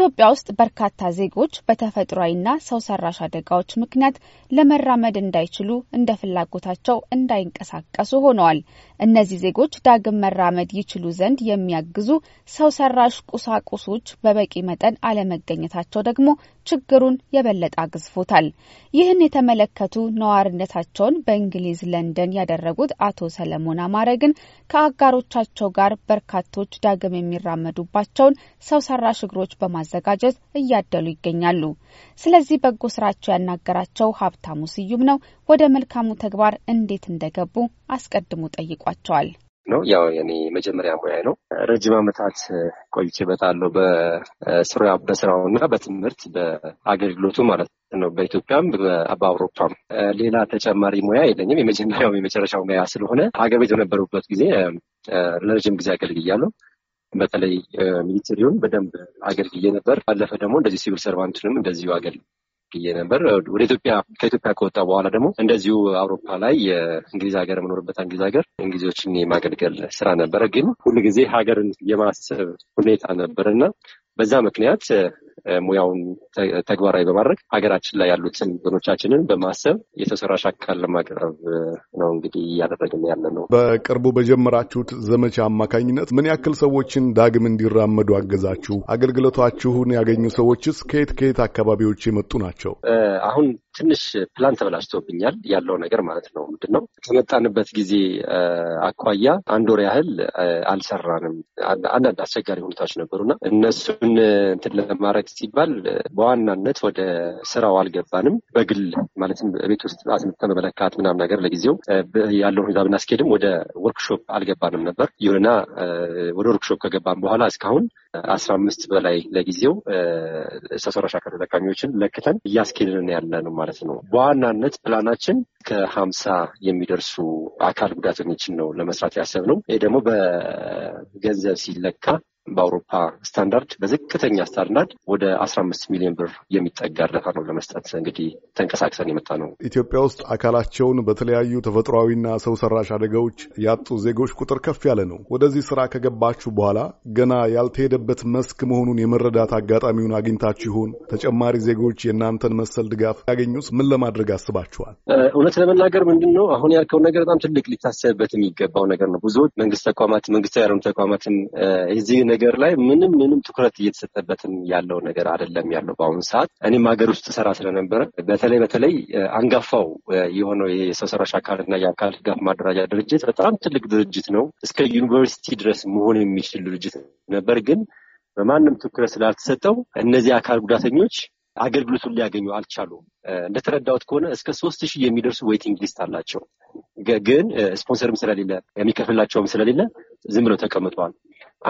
ኢትዮጵያ ውስጥ በርካታ ዜጎች በተፈጥሯዊና ሰው ሰራሽ አደጋዎች ምክንያት ለመራመድ እንዳይችሉ እንደ ፍላጎታቸው እንዳይንቀሳቀሱ ሆነዋል። እነዚህ ዜጎች ዳግም መራመድ ይችሉ ዘንድ የሚያግዙ ሰው ሰራሽ ቁሳቁሶች በበቂ መጠን አለመገኘታቸው ደግሞ ችግሩን የበለጠ አግዝፎታል። ይህን የተመለከቱ ነዋሪነታቸውን በእንግሊዝ ለንደን ያደረጉት አቶ ሰለሞን አማረ ግን ከአጋሮቻቸው ጋር በርካቶች ዳግም የሚራመዱባቸውን ሰው ሰራሽ እግሮች በማዘ በማዘጋጀት እያደሉ ይገኛሉ። ስለዚህ በጎ ስራቸው ያናገራቸው ሀብታሙ ስዩም ነው። ወደ መልካሙ ተግባር እንዴት እንደገቡ አስቀድሞ ጠይቋቸዋል። ነው ያው የኔ መጀመሪያ ሙያ ነው። ረጅም ዓመታት ቆይቼበታለሁ በስራው እና በትምህርት በአገልግሎቱ ማለት ነው። በኢትዮጵያም በአውሮፓም ሌላ ተጨማሪ ሙያ የለኝም። የመጀመሪያው የመጨረሻው ሙያ ስለሆነ ሀገር ቤት በነበሩበት ጊዜ ለረጅም ጊዜ አገልግያለሁ። በተለይ ሚሊተሪውን በደንብ አገልግዬ ነበር። ባለፈ ደግሞ እንደዚህ ሲቪል ሰርቫንቱንም እንደዚሁ አገልግዬ ነበር። ወደ ኢትዮጵያ ከኢትዮጵያ ከወጣ በኋላ ደግሞ እንደዚሁ አውሮፓ ላይ የእንግሊዝ ሀገር የምኖርበት እንግሊዝ ሀገር እንግሊዞችን የማገልገል ስራ ነበረ። ግን ሁልጊዜ ሀገርን የማሰብ ሁኔታ ነበር እና በዛ ምክንያት ሙያውን ተግባራዊ በማድረግ ሀገራችን ላይ ያሉትን ወገኖቻችንን በማሰብ የተሰራሽ አካል ለማቅረብ ነው እንግዲህ እያደረግን ያለ ነው። በቅርቡ በጀመራችሁት ዘመቻ አማካኝነት ምን ያክል ሰዎችን ዳግም እንዲራመዱ አገዛችሁ? አገልግሎታችሁን ያገኙ ሰዎችስ ከየት ከየት አካባቢዎች የመጡ ናቸው? አሁን ትንሽ ፕላን ተበላሽቶብኛል ያለው ነገር ማለት ነው። ምንድን ነው ከመጣንበት ጊዜ አኳያ አንድ ወር ያህል አልሰራንም። አንዳንድ አስቸጋሪ ሁኔታዎች ነበሩና እነሱን እንትን ለማድረግ ሲባል በዋናነት ወደ ስራው አልገባንም። በግል ማለትም ቤት ውስጥ አስምተን በመለካት ምናምን ነገር ለጊዜው ያለውን ሁኔታ ብናስኬድም ወደ ወርክሾፕ አልገባንም ነበር። ይሁንና ወደ ወርክሾፕ ከገባን በኋላ እስካሁን አስራ አምስት በላይ ለጊዜው ሰው ሰራሽ አካል ተጠቃሚዎችን ለክተን እያስኬድን ያለ ነው ማለት ነው። በዋናነት ፕላናችን ከሀምሳ የሚደርሱ አካል ጉዳተኞችን ነው ለመስራት ነው። ይህ ደግሞ በገንዘብ ሲለካ በአውሮፓ ስታንዳርድ በዝቅተኛ ስታንዳርድ ወደ አስራ አምስት ሚሊዮን ብር የሚጠጋ እርዳታ ነው ለመስጠት እንግዲህ ተንቀሳቅሰን የመጣ ነው። ኢትዮጵያ ውስጥ አካላቸውን በተለያዩ ተፈጥሯዊና ሰው ሰራሽ አደጋዎች ያጡ ዜጎች ቁጥር ከፍ ያለ ነው። ወደዚህ ስራ ከገባችሁ በኋላ ገና ያልተሄደበት መስክ መሆኑን የመረዳት አጋጣሚውን አግኝታችሁ ይሆን? ተጨማሪ ዜጎች የእናንተን መሰል ድጋፍ ያገኙስ ምን ለማድረግ አስባችኋል? እውነት ለመናገር ምንድን ነው አሁን ያልከውን ነገር በጣም ትልቅ ሊታሰብበት የሚገባው ነገር ነው። ብዙዎች መንግስት ተቋማት መንግስታዊ ያልሆኑ ተቋማትን የዚህ ነገር ነገር ላይ ምንም ምንም ትኩረት እየተሰጠበትም ያለው ነገር አይደለም ያለው በአሁኑ ሰዓት። እኔም ሀገር ውስጥ ሰራ ስለነበረ በተለይ በተለይ አንጋፋው የሆነው የሰው ሰራሽ አካልና የአካል ድጋፍ ማደራጃ ድርጅት በጣም ትልቅ ድርጅት ነው። እስከ ዩኒቨርሲቲ ድረስ መሆን የሚችል ድርጅት ነበር ግን በማንም ትኩረት ስላልተሰጠው እነዚህ አካል ጉዳተኞች አገልግሎቱን ሊያገኙ አልቻሉም። እንደተረዳሁት ከሆነ እስከ ሶስት ሺህ የሚደርሱ ዌይቲንግ ሊስት አላቸው። ግን ስፖንሰርም ስለሌለ የሚከፍላቸውም ስለሌለ ዝም ብለው ተቀምጠዋል።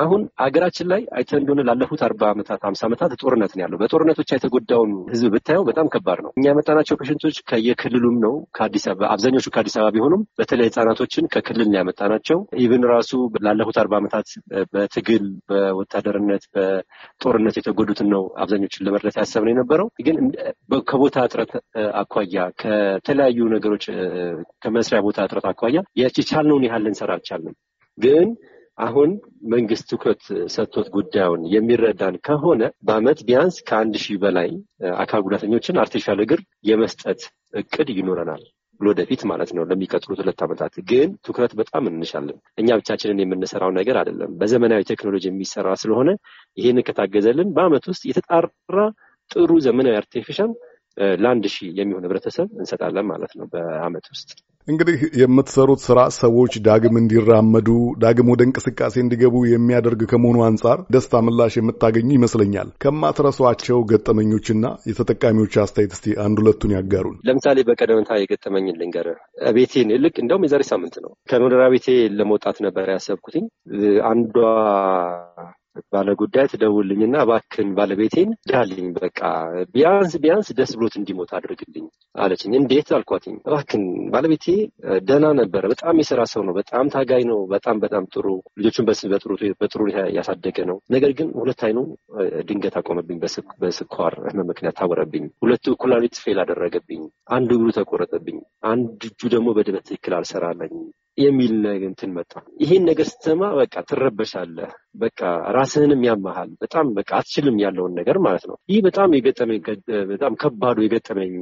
አሁን አገራችን ላይ አይተህ እንደሆነ ላለፉት አርባ ዓመታት ሀምሳ ዓመታት ጦርነት ነው ያለው። በጦርነቶች የተጎዳውን ህዝብ ብታየው በጣም ከባድ ነው። እኛ ያመጣናቸው ፔሽንቶች ከየክልሉም ነው ከአዲስ አበባ አብዛኞቹ ከአዲስ አበባ ቢሆኑም በተለይ ህጻናቶችን ከክልል ነው ያመጣናቸው። ኢብን ራሱ ላለፉት አርባ ዓመታት በትግል በወታደርነት በጦርነት የተጎዱትን ነው አብዛኞቹን ለመርዳት ያሰብነው የነበረው። ግን ከቦታ እጥረት አኳያ ከተለያዩ ነገሮች ከመስሪያ ቦታ እጥረት አኳያ የቻልነውን ያህል ልንሰራ አልቻልንም ግን አሁን መንግስት ትኩረት ሰጥቶት ጉዳዩን የሚረዳን ከሆነ በአመት ቢያንስ ከአንድ ሺህ በላይ አካል ጉዳተኞችን አርቲፊሻል እግር የመስጠት እቅድ ይኖረናል ወደፊት ማለት ነው። ለሚቀጥሉት ሁለት ዓመታት ግን ትኩረት በጣም እንሻለን። እኛ ብቻችንን የምንሰራው ነገር አይደለም። በዘመናዊ ቴክኖሎጂ የሚሰራ ስለሆነ ይህንን ከታገዘልን በአመት ውስጥ የተጣራ ጥሩ ዘመናዊ አርቲፊሻል ለአንድ ሺህ የሚሆን ህብረተሰብ እንሰጣለን ማለት ነው በአመት ውስጥ። እንግዲህ የምትሰሩት ስራ ሰዎች ዳግም እንዲራመዱ ዳግም ወደ እንቅስቃሴ እንዲገቡ የሚያደርግ ከመሆኑ አንጻር ደስታ ምላሽ የምታገኙ ይመስለኛል። ከማትረሷቸው ገጠመኞችና የተጠቃሚዎች አስተያየት እስቲ አንድ ሁለቱን ያጋሩን። ለምሳሌ በቀደምታ የገጠመኝን ልንገር። ቤቴን ልክ እንደውም የዛሬ ሳምንት ነው ከመኖሪያ ቤቴ ለመውጣት ነበር ያሰብኩትኝ። አንዷ ባለጉዳይ ትደውልኝና እባክን ባለቤቴን ዳልኝ በቃ ቢያንስ ቢያንስ ደስ ብሎት እንዲሞት አድርግልኝ አለችኝ። እንዴት አልኳትኝ። እባክን ባለቤቴ ደህና ነበረ። በጣም የሰራ ሰው ነው። በጣም ታጋይ ነው። በጣም በጣም ጥሩ ልጆቹን በጥሩ ያሳደገ ነው። ነገር ግን ሁለት አይኑ ድንገት አቆመብኝ። በስኳር ህመም ምክንያት ታወረብኝ። ሁለቱ ኩላሊት ፌል አደረገብኝ። አንድ እግሩ ተቆረጠብኝ። አንድ እጁ ደግሞ በደንብ ትክክል አልሰራለኝ። የሚል እንትን መጣ። ይሄን ነገር ስትሰማ በቃ ትረበሻለህ። በቃ ራስህንም ያመሃል። በጣም በቃ አትችልም ያለውን ነገር ማለት ነው። ይህ በጣም የገጠመኝ በጣም ከባዱ የገጠመኝ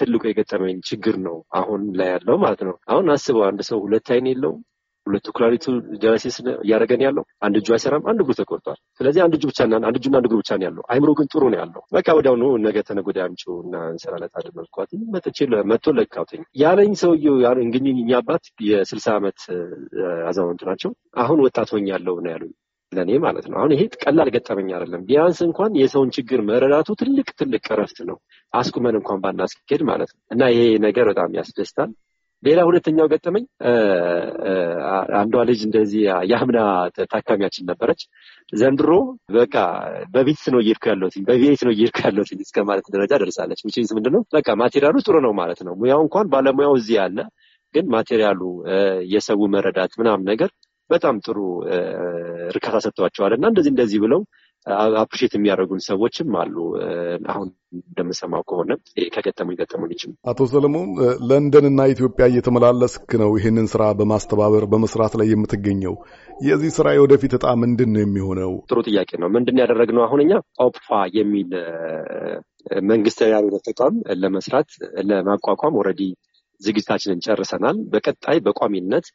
ትልቁ የገጠመኝ ችግር ነው አሁን ላይ ያለው ማለት ነው። አሁን አስበው አንድ ሰው ሁለት አይን የለውም ሁለቱ ኩላሊቱ ጀነሲስ እያደረገን ያለው አንድ እጁ አይሰራም፣ አንድ እግሩ ተቆርጧል። ስለዚህ አንድ እጁ ብቻ ና አንድ እጁና አንድ እግሩ ብቻ ነው ያለው። አይምሮ ግን ጥሩ ነው ያለው። በቃ ወዲያውኑ ነገ ተነጎዳ ያምጩ እና እንሰራለት አድ መልኳት መጥቼ መጥቶ ለካውተኝ ያለኝ ሰውየው እንግዲህ እኛ አባት የስልሳ ዓመት አዛውንቱ ናቸው። አሁን ወጣት ሆኝ ያለው ነው ያሉኝ ለእኔ ማለት ነው። አሁን ይሄ ቀላል ገጠመኝ አይደለም። ቢያንስ እንኳን የሰውን ችግር መረዳቱ ትልቅ ትልቅ እረፍት ነው። አስቁመን እንኳን ባናስኬድ ማለት ነው እና ይሄ ነገር በጣም ያስደስታል። ሌላ ሁለተኛው ገጠመኝ አንዷ ልጅ እንደዚህ የአምና ታካሚያችን ነበረች። ዘንድሮ በቃ በቤት ነው እየሄድኩ ያለሁት በቤት ነው እየሄድኩ ያለሁት እስከ ማለት ደረጃ ደርሳለች። ዊችዝ ምንድነው በቃ ማቴሪያሉ ጥሩ ነው ማለት ነው። ሙያው እንኳን ባለሙያው እዚህ ያለ ግን ማቴሪያሉ የሰው መረዳት ምናምን ነገር በጣም ጥሩ እርካታ ሰጥቷቸዋል እና እንደዚህ እንደዚህ ብለው አፕሪሼት የሚያደርጉን ሰዎችም አሉ። አሁን እንደምሰማው ከሆነ ከገጠሙኝ ገጠሙኝችም። አቶ ሰለሞን ለንደንና ኢትዮጵያ እየተመላለስክ ነው ይህንን ስራ በማስተባበር በመስራት ላይ የምትገኘው። የዚህ ስራ የወደፊት እጣ ምንድን ነው የሚሆነው? ጥሩ ጥያቄ ነው። ምንድን ያደረግነው አሁን እኛ ኦፕፋ የሚል መንግስታዊ ያልሆነ ተቋም ለመስራት ለማቋቋም ኦልሬዲ ዝግጅታችንን ጨርሰናል። በቀጣይ በቋሚነት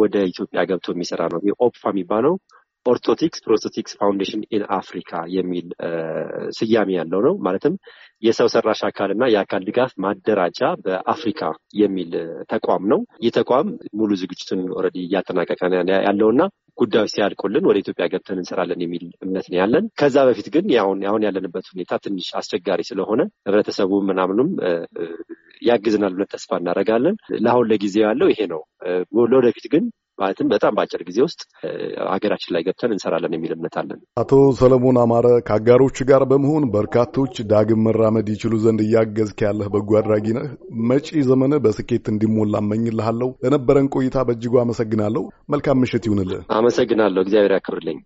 ወደ ኢትዮጵያ ገብቶ የሚሰራ ነው ኦፕፋ የሚባለው ኦርቶቲክስ ፕሮስቴቲክስ ፋውንዴሽን ኢን አፍሪካ የሚል ስያሜ ያለው ነው። ማለትም የሰው ሰራሽ አካልና የአካል ድጋፍ ማደራጃ በአፍሪካ የሚል ተቋም ነው። ይህ ተቋም ሙሉ ዝግጅቱን ኦልሬዲ እያጠናቀቀ ያለውና ጉዳዩ ሲያልቁልን ወደ ኢትዮጵያ ገብተን እንሰራለን የሚል እምነት ነው ያለን። ከዛ በፊት ግን አሁን አሁን ያለንበት ሁኔታ ትንሽ አስቸጋሪ ስለሆነ ህብረተሰቡ ምናምኑም ያግዝናል ብለን ተስፋ እናደርጋለን። ለአሁን ለጊዜው ያለው ይሄ ነው። ለወደፊት ግን ማለትም በጣም በአጭር ጊዜ ውስጥ ሀገራችን ላይ ገብተን እንሰራለን የሚል እምነት አለን። አቶ ሰለሞን አማረ ከአጋሮች ጋር በመሆን በርካቶች ዳግም መራመድ ይችሉ ዘንድ እያገዝክ ያለህ በጎ አድራጊ ነህ። መጪ ዘመን በስኬት እንዲሞላ እመኝልሃለሁ። ለነበረን ቆይታ በእጅጉ አመሰግናለሁ። መልካም ምሽት ይሁንልህ። አመሰግናለሁ። እግዚአብሔር ያክብርልኝ።